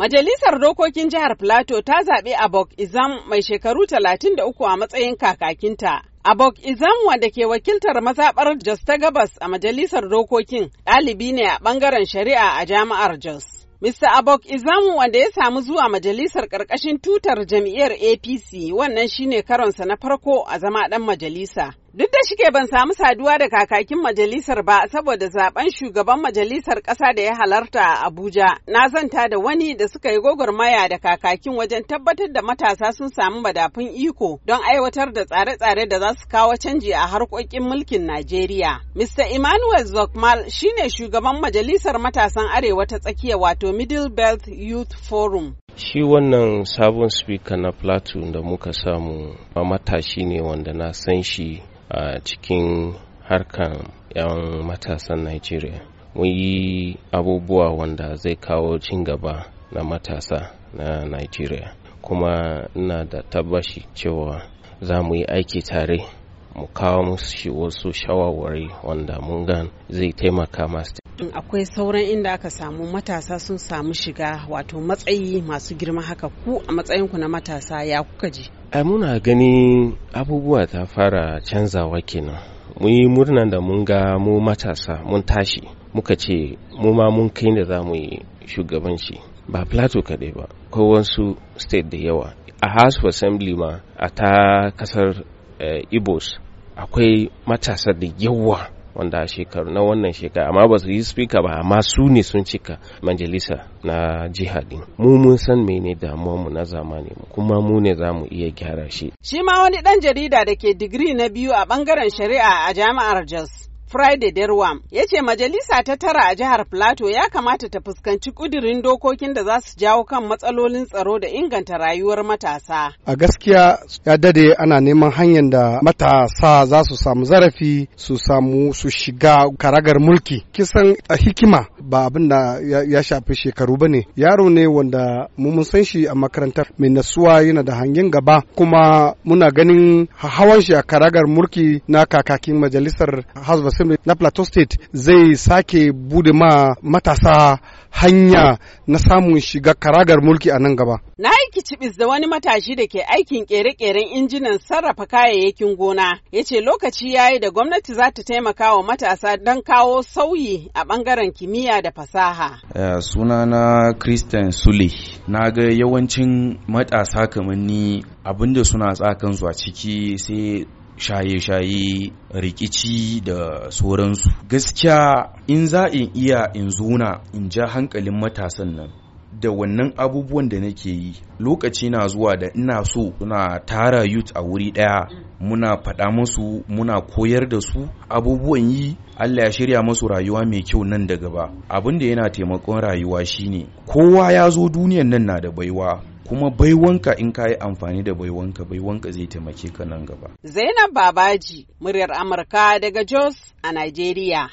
Majalisar Dokokin Jihar Plateau ta zaɓi Abok Izam mai shekaru 33 a matsayin kakakinta. Abok Izam wanda ke wakiltar mazaɓar Jos ta Gabas a Majalisar Dokokin ɗalibi ne a ɓangaren shari'a a jami'ar Jos. Mr. Abok Izam wanda ya samu zuwa majalisar ƙarƙashin tutar jam'iyyar APC wannan shine karonsa na farko a zama ɗan majalisa. Duk da shike ban samu saduwa da kakakin majalisar ba saboda zaben shugaban majalisar ƙasa da ya halarta a Abuja, na zanta da wani da suka yi gwagwarmaya da kakakin wajen tabbatar da matasa sun samu madafun iko don aiwatar da tsare-tsare da za su kawo canji a harkokin mulkin Najeriya. Mr. Emmanuel Zokmal shine shugaban majalisar matasan Arewa ta tsakiya wato Middle Belt Youth Forum. shi wannan sabon speaker na plateau da muka samu matashi ne wanda na san shi a cikin harkan 'yan matasan Najeriya. Mun yi abubuwa wanda zai kawo cin gaba na matasa na Najeriya. Kuma ina da tabbashi cewa za mu yi aiki tare mu kawo musu wasu shawarwari wanda mun gan zai taimaka masu akwai sauran inda aka samu matasa sun samu shiga wato matsayi masu girma haka ku a matsayinku na matasa ya kuka ji muna gani abubuwa ta fara canzawa kenan muyi yi murnan da mun ga mu matasa mun tashi muka ce mu ma mun kai da za mu yi shugabanci ba plateau kaɗai ba ko wasu state da yawa a house of assembly ma a ta kasar eh, ibos akwai matasa da yawa wanda a shekaru na wannan shekara amma ba su yi spika ba amma su ne sun cika majalisa na jiha mu mun san mene damuwa mu na zamani kuma mu ne za mu iya gyara shi shi ma wani dan jarida da ke digiri na biyu a bangaren shari'a a jami'ar Jos Friday Derwam ya ce majalisa ta tara a jihar Plateau ya kamata ta fuskanci kudirin dokokin da za su jawo kan matsalolin tsaro da inganta rayuwar matasa. A gaskiya ya dade ana neman hanyar da matasa za su samu zarafi su samu su shiga karagar mulki. Kisan a hikima ba abin da ya shafi shekaru ba ne. Yaro ne wanda mun san shi a makarantar mai nasuwa yana da hangen gaba kuma muna ganin hawan shi a karagar mulki na kakakin majalisar Hasbas fm na plateau state zai sake bude ma matasa hanya na samun shiga karagar mulki a nan gaba na aiki cibis da wani matashi da ke aikin kere-keren injinan sarrafa kayayyakin gona ya ce lokaci ya yi da gwamnati za ta taimaka wa matasa don kawo sauyi a bangaren kimiyya da fasaha Suna na christian sule na ga yawancin matasa kamar ni abinda suna tsakansu a ciki sai shaye-shaye rikici da sauransu gaskiya in za in iya in zona in ja hankalin matasan nan da wannan abubuwan da nake yi lokaci na zuwa da ina so suna tara youth a wuri ɗaya muna faɗa musu muna koyar da su abubuwan yi Allah ya shirya masu rayuwa mai kyau nan da gaba abin da yana taimakon rayuwa shine kowa ya zo duniyan nan na da baiwa kuma baiwanka in ka yi amfani da baiwanka baiwanka zai taimake ka nan gaba. Zainab Babaji, muryar Amurka daga Jos a Najeriya.